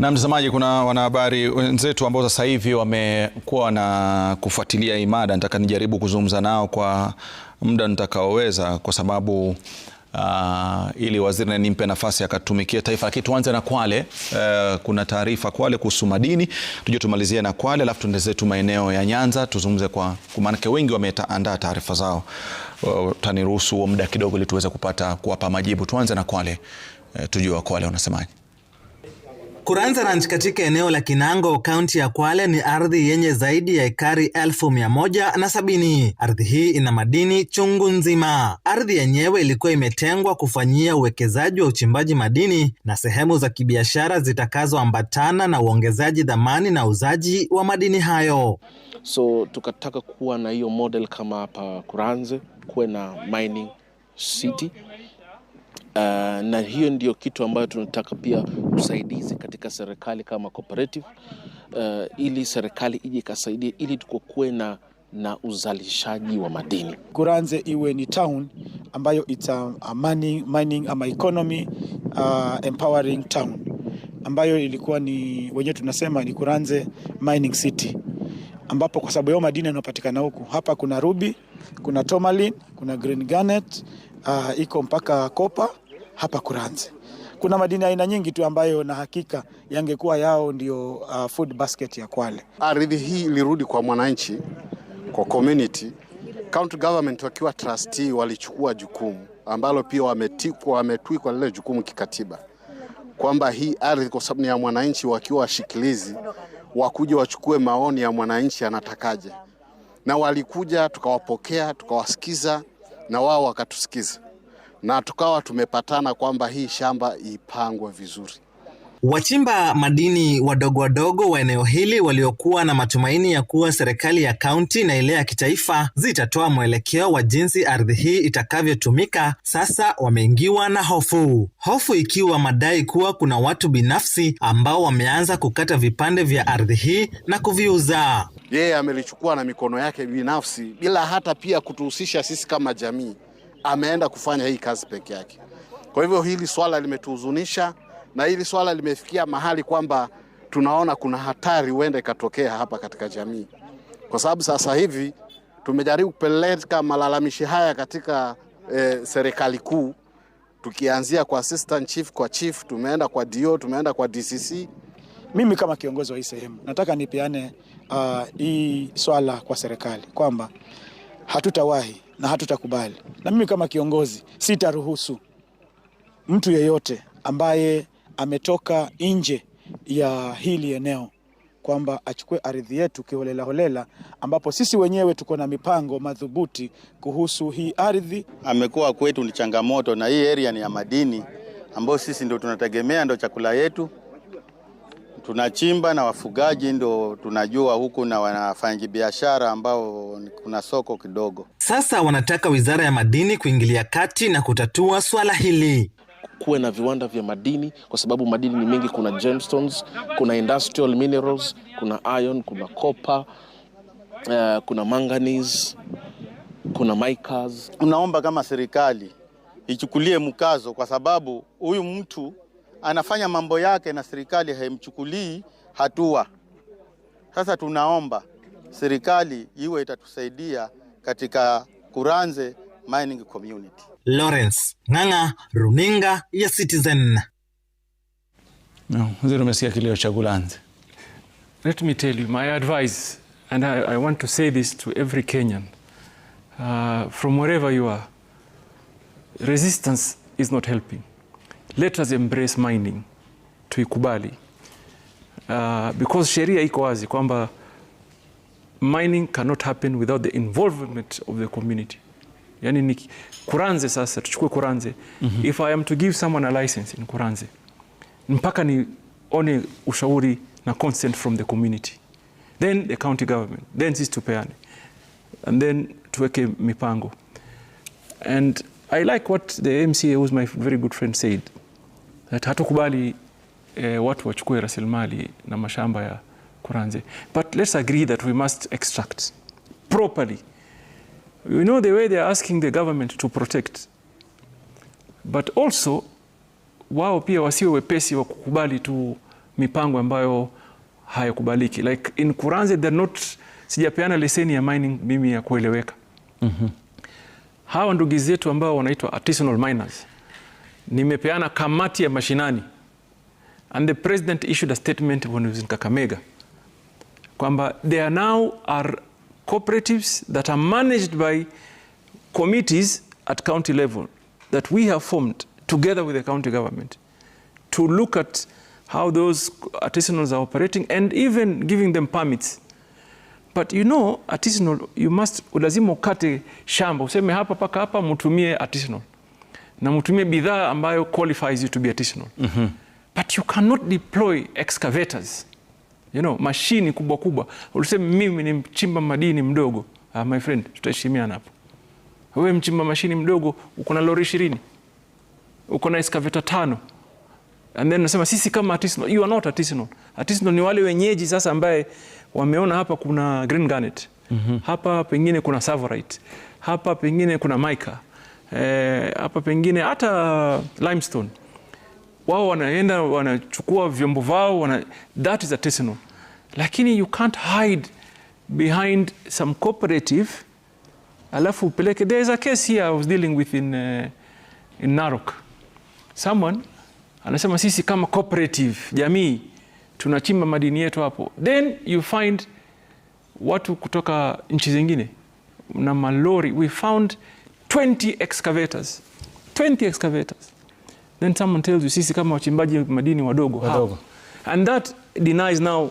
Na mtazamaji, kuna wanahabari wenzetu ambao sasa hivi wamekuwa na kufuatilia imada, mada. Nataka nijaribu kuzungumza nao kwa muda nitakaoweza, kwa sababu Uh, ili waziri nimpe nafasi akatumikia taifa, lakini tuanze na Kwale. Uh, kuna taarifa Kwale kuhusu madini, tuje tumalizie na Kwale alafu tuende zetu maeneo ya Nyanza tuzungumze, kwa maanake wengi wameandaa taarifa zao. Eh, utaniruhusu uh, huo muda kidogo ili tuweze kupata kuwapa majibu. Tuanze na Kwale, uh, tujue Kwale wanasemaje. Kuranza Ranch katika eneo la Kinango, kaunti ya Kwale ni ardhi yenye zaidi ya ekari elfu mia moja na sabini. Ardhi hii ina madini chungu nzima. Ardhi yenyewe ilikuwa imetengwa kufanyia uwekezaji wa uchimbaji madini na sehemu za kibiashara zitakazoambatana na uongezaji dhamani na uzaji wa madini hayo. So tukataka kuwa na hiyo model kama hapa Kuranze, kuwe na mining city Ah, na hiyo ndio kitu ambayo tunataka pia usaidizi katika serikali kama cooperative uh, ili serikali ije ikasaidia ili tukokuwe na, na uzalishaji wa madini. Kuranze iwe ni town ambayo ita ah, mining, mining ama economy uh, empowering town ambayo ilikuwa ni wenyewe tunasema ni Kuranze mining city, ambapo kwa sababu yao madini yanayopatikana huku hapa, kuna ruby, kuna tourmaline, kuna green garnet uh, iko mpaka kopa hapa Kuranze. Kuna madini aina nyingi tu ambayo na hakika yangekuwa yao ndio uh, food basket ya Kwale. Ardhi hii ilirudi kwa mwananchi, kwa community. County government wakiwa trustee walichukua jukumu ambalo pia wametikwa, wametwikwa lile jukumu kikatiba kwamba hii ardhi kwa sababu ni ya mwananchi, wakiwa washikilizi wakuja wachukue maoni ya mwananchi anatakaje, na walikuja tukawapokea, tukawasikiza na wao wakatusikiza na tukawa tumepatana kwamba hii shamba ipangwe vizuri. Wachimba madini wadogo wadogo wa eneo hili waliokuwa na matumaini ya kuwa serikali ya kaunti na ile ya kitaifa zitatoa mwelekeo wa jinsi ardhi hii itakavyotumika, sasa wameingiwa na hofu, hofu ikiwa madai kuwa kuna watu binafsi ambao wameanza kukata vipande vya ardhi hii na kuviuza. Yeye amelichukua na mikono yake binafsi bila hata pia kutuhusisha sisi kama jamii ameenda kufanya hii kazi peke yake. Kwa hivyo hili swala limetuhuzunisha na hili swala limefikia mahali kwamba tunaona kuna hatari huenda ikatokea hapa katika jamii, kwa sababu sasa hivi tumejaribu kupeleka malalamishi haya katika e, serikali kuu, tukianzia kwa assistant chief, kwa chief, tumeenda kwa DO, tumeenda kwa DCC. Mimi kama kiongozi wa hii sehemu nataka nipeane uh, hii swala kwa serikali kwamba hatutawahi na hatutakubali, na mimi kama kiongozi sitaruhusu mtu yeyote ambaye ametoka nje ya hili eneo kwamba achukue ardhi yetu kiholelaholela, ambapo sisi wenyewe tuko na mipango madhubuti kuhusu hii ardhi. Amekuwa kwetu ni changamoto, na hii area ni ya madini ambayo sisi ndio tunategemea, ndio chakula yetu tunachimba na wafugaji ndo tunajua huku na wanafanyi biashara ambao kuna soko kidogo. Sasa wanataka Wizara ya Madini kuingilia kati na kutatua swala hili kuwe na viwanda vya madini kwa sababu madini ni mengi. Kuna gemstones, kuna industrial minerals, kuna iron, kuna copper, uh, kuna manganese, kuna micas. Unaomba kama serikali ichukulie mkazo, kwa sababu huyu mtu anafanya mambo yake na serikali haimchukulii hatua. Sasa tunaomba serikali iwe itatusaidia katika Kuranze mining community. Lawrence Ng'ang'a, runinga ya Citizen. No, umesikia kilio cha Kuranze. Let me tell you my advice and I, I want to say this to every Kenyan uh, from wherever you are resistance is not helping let us embrace mining, tuikubali uh, because sheria iko wazi kwamba mining cannot happen without the involvement of the community. Yani ni Kuranze sasa, tuchukue Kuranze mm -hmm. If I am to give someone a license in Kuranze mpaka ni one ushauri na consent from the community, then the county government, then sisi tupeane and then tuweke mipango and I like what the MCA who's my very good friend said Eh, hatukubali e, watu wachukue rasilimali na mashamba ya Kuranze. But let's agree that we must extract properly. You know the way they are asking the government to protect. But also wao pia wasiwe wepesi wa kukubali tu mipango ambayo hayakubaliki. Like in Kuranze they're not sijapeana leseni ya mining mimi ya kueleweka. Mm -hmm. Hawa ndugu zetu ambao wanaitwa artisanal miners nimepeana kamati ya mashinani and the president issued a statement when he was in Kakamega kwamba there now are cooperatives that are managed by committees at county level that we have formed together with the county government to look at how those artisanals are operating and even giving them permits but you know artisanal you must lazima ukate shamba useme hapa paka hapa mutumie artisanal na mtumie bidhaa ambayo qualifies you to be artisanal mm -hmm. but you cannot deploy excavators you know, mashini kubwa kubwa. Ulisema mimi ni mchimba madini mdogo. Uh, my friend, tutaheshimiana hapo. Wewe mchimba mashini mdogo uko na lori ishirini uko na excavator tano and then nasema sisi kama artisanal. You are not artisanal. Artisanal ni wale wenyeji sasa ambaye wameona hapa kuna green garnet. Mm -hmm. Hapa pengine kuna savorite. Hapa pengine kuna mica Eh, hapa e, pengine hata limestone wao wanaenda wanachukua vyombo vao wana, that is artisanal, lakini you can't hide behind some cooperative alafu upeleke. There is a case here I was dealing with in, uh, in Narok someone anasema sisi kama cooperative jamii tunachimba madini yetu hapo, then you find watu kutoka nchi zingine na malori we found 20 excavators. 20 excavators. Then someone tells you sisi kama wachimbaji madini wadogo, wadogo. And that denies now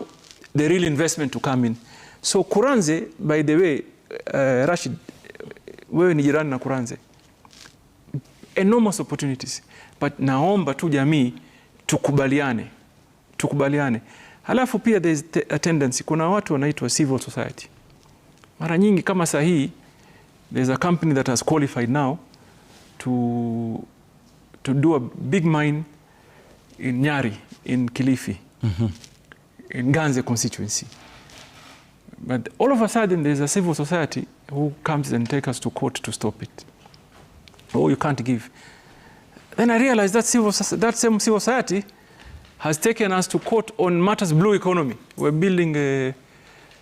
the real investment to come in. So Kuranze by the way, uh, Rashid wewe ni jirani na Kuranze. Enormous opportunities. But naomba tu jamii tukubaliane. Tukubaliane. Halafu pia there is a tendency kuna watu wanaitwa civil society. Mara nyingi kama sahihi there's a company that has qualified now to, to do a big mine in Nyari, in Kilifi, mm -hmm. in Ganze constituency. But all of a sudden, there's a civil society who comes and takes us to court to stop it. Oh, you can't give. Then I realized that, civil, that same civil society has taken us to court on matters blue economy. We're building a,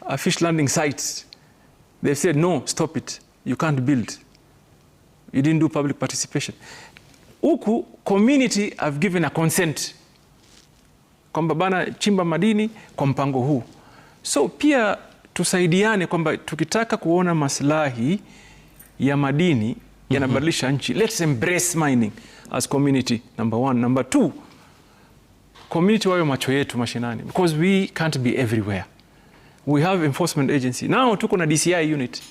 a fish landing site. They've said, no, stop it you can't build. You didn't do public participation. Huku community have given a consent kwamba bana chimba madini kwa mpango huu. So pia tusaidiane kwamba tukitaka kuona maslahi ya madini mhm. yanabadilisha mm -hmm. nchi. Let's embrace mining as community number one. Number two, community wayo macho yetu mashinani because we can't be everywhere. We have enforcement agency now, tuko na DCI unit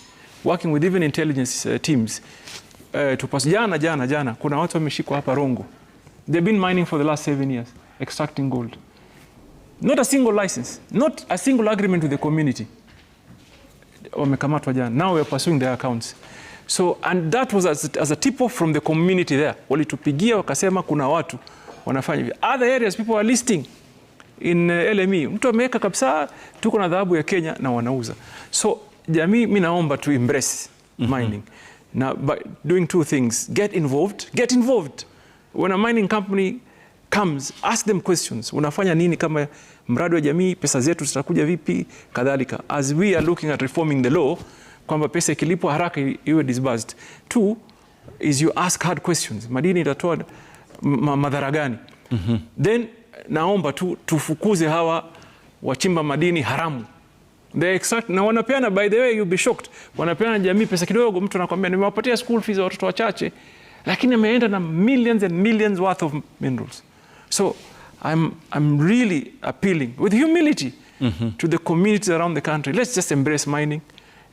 working with even intelligence uh, teams uh, to pass. jana jana jana kuna watu wameshikwa hapa Rongo. They've been mining for the last seven years extracting gold. Not a single license, not a single agreement with the community. Wamekamatwa jana. Now we are pursuing their accounts. So and that was as, as a tip off from the community there. Walitupigia wakasema kuna watu wanafanya hivyo. Other areas people are listing in uh, LME. Mtu ameweka kabisa tuko na dhahabu ya Kenya na wanauza. So jamii mi naomba tu embrace mm -hmm. mining na by doing two things get involved get involved when a mining company comes ask them questions unafanya nini kama mradi wa jamii pesa zetu zitakuja vipi kadhalika as we are looking at reforming the law kwamba pesa ikilipwa haraka iwe disbursed two is you ask hard questions madini itatoa madhara gani mm -hmm. then naomba tu tufukuze hawa wachimba madini haramu The exact, na wanapeana by the way you'll be shocked, wanapeana jamii pesa kidogo. Mtu anakuambia nimewapatia school fees watoto wachache, lakini ameenda na millions and millions worth of minerals. So I'm, I'm really appealing with humility mm -hmm. to the communities around the country. Let's just embrace mining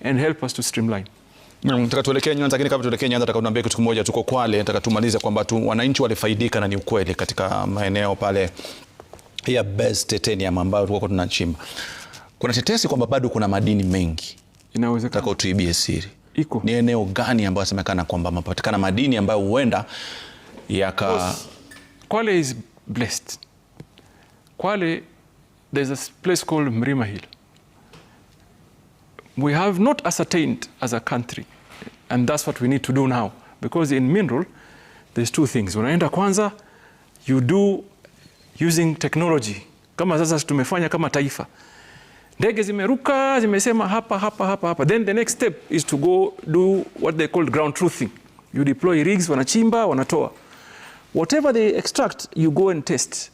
and help us to streamline Nataka tuelekee Nyanza, lakini kabla tuelekee Nyanza, nataka tunaambie kitu kimoja. Tuko Kwale, nataka tumalize kwamba tu wananchi walifaidika na ni ukweli katika maeneo pale ya best Titanium ambayo tulikuwa tunachimba. Kuna tetesi kwamba bado kuna madini mengi inawezekana, tuibie siri. Iko ni eneo gani ambayo semekana kwamba mapatikana madini ambayo huenda yaka Kwale is blessed. Kwale there's a place called Mrima Hill. We have not ascertained as a country and that's what we need to do now because in mineral there's two things. Unaenda kwanza you do using technology kama sasa tumefanya kama taifa Ndege zimeruka zimesema hapa hapa hapa hapa, then the next step is to go do what they call ground truthing. You deploy rigs, wanachimba wanatoa whatever they extract, you go and test,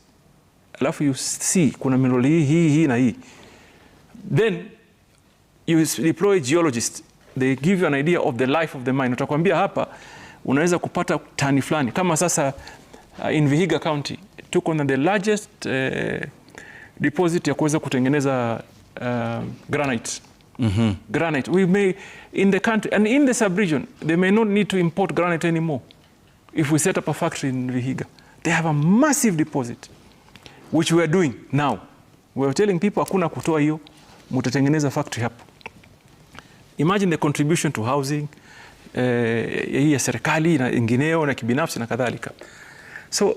alafu you see kuna minerali hii hii hii na hii, then you deploy geologists, they give you an idea of the life of the mine. Utakwambia hapa unaweza kupata tani fulani, kama sasa uh, in Vihiga County tuko na the largest uh, deposit ya kuweza kutengeneza uh, granite. Mm -hmm. Granite. We may, in the country, and in the sub-region, they may not need to import granite anymore if we set up a factory in Vihiga. They have a massive deposit, which we are doing now. We are telling people, hakuna kutoa hiyo, mutatengeneza factory hapo. Imagine the contribution to housing, uh, hii ya serikali na ingineo na kibinafsi na kadhalika. So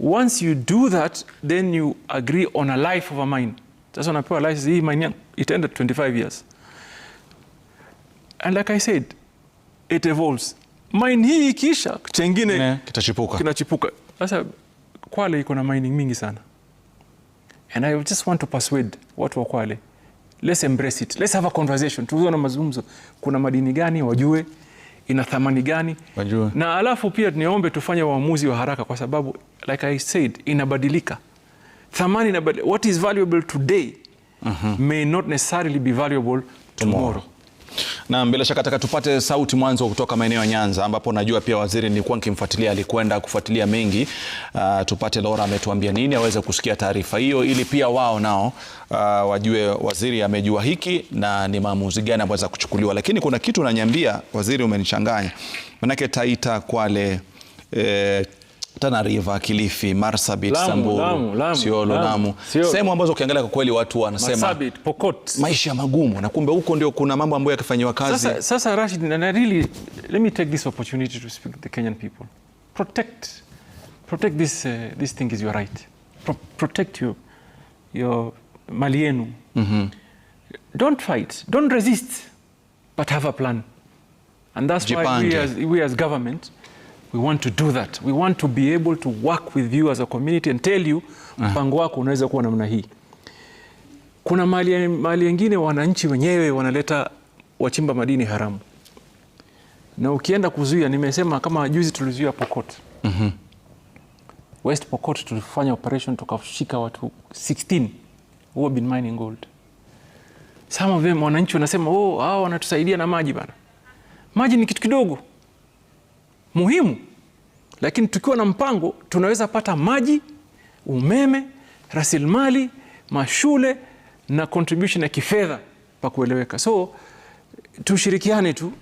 once you do that, then you agree on a life of a mine. That's when I realized hii mine it ended 25 years. And like I said, it evolves. Mine hii ikiisha chengine kitachipuka. Kinachipuka. Sasa Kwale iko na mining mingi sana. And I just want to persuade watu wa Kwale. Let's embrace it. Let's have a conversation. Tuzo na mazungumzo. Kuna madini gani wajue? Ina thamani gani? Wajue. Na alafu pia niombe tufanye uamuzi wa haraka kwa sababu like I said inabadilika thamani na what is valuable today mm -hmm. may not necessarily be valuable tomorrow, tomorrow. Na bila shaka taka tupate sauti mwanzo kutoka maeneo ya Nyanza ambapo najua pia waziri, nilikuwa nikimfuatilia, alikwenda kufuatilia mengi. Uh, tupate Laura ametuambia nini aweze kusikia taarifa hiyo, ili pia wao nao uh, wajue waziri amejua hiki na ni maamuzi gani ambayo kuchukuliwa. Lakini kuna kitu unaniambia waziri, umenichanganya manake Taita Kwale eh, Tana River, Kilifi, Marsabit, Samburu, Lamu, Lamu, Siolo, Lamu, sehemu ambazo ukiangalia kwa kweli watu wanasema Marsabit, Pokot, maisha magumu, na kumbe huko ndio kuna mambo ambayo yakifanywa kazi. Sasa, sasa Rashid, and I really let me take this opportunity to speak to the Kenyan people. Protect, protect this, uh, this thing is your right. Pro protect your, your mali yenu. Mm -hmm. Don't fight, don't resist, but have a plan. And that's Jipange. why we as, we as government we want to do that. We want to be able to work with you as a community and tell you mpango wako unaweza kuwa namna hii. Kuna mali mali nyingine wananchi wenyewe wanaleta wachimba madini haramu, na ukienda kuzuia, nimesema kama juzi tulizuia Pokot Mhm. mm West Pokot tulifanya operation tukashika watu 16 who been mining gold. Some of them wananchi wanasema oh, hao wanatusaidia na maji bana. Maji ni kitu kidogo muhimu lakini tukiwa na mpango tunaweza pata maji, umeme, rasilimali, mashule na contribution ya kifedha pa kueleweka. So tushirikiane tu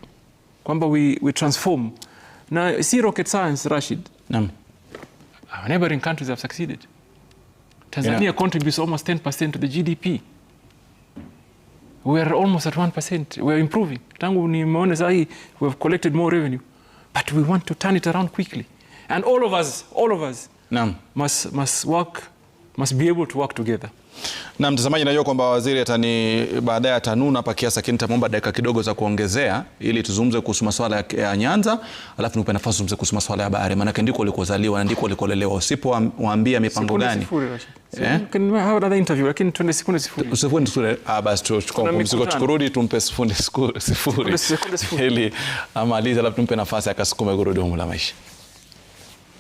kwamba we, we transform na si rocket science, Rashid. Naam. Our neighboring countries have succeeded. Tanzania yeah, contributes almost 10% to the GDP. We are almost at 1%. We are improving. Tangu nimeona we have collected more revenue but we want to turn it around quickly and all of us, all of us naam, must, must work, must be able to work together. Na mtazamaji, najua kwamba waziri atani baadaye atanuna hapa kiasi, lakini nitamwomba dakika kidogo za kuongezea ili tuzungumze kuhusu masuala ya Nyanza, alafu nipe nafasi tuzungumze kuhusu masuala ya bahari, maanake ndiko ulikozaliwa na ndiko ulikolelewa. Usipowaambia mipango gani, sifuri eh? turudi ah, tumpe sekunde sifuri ili amalize, alafu tumpe nafasi akasukume gurudumu la maisha.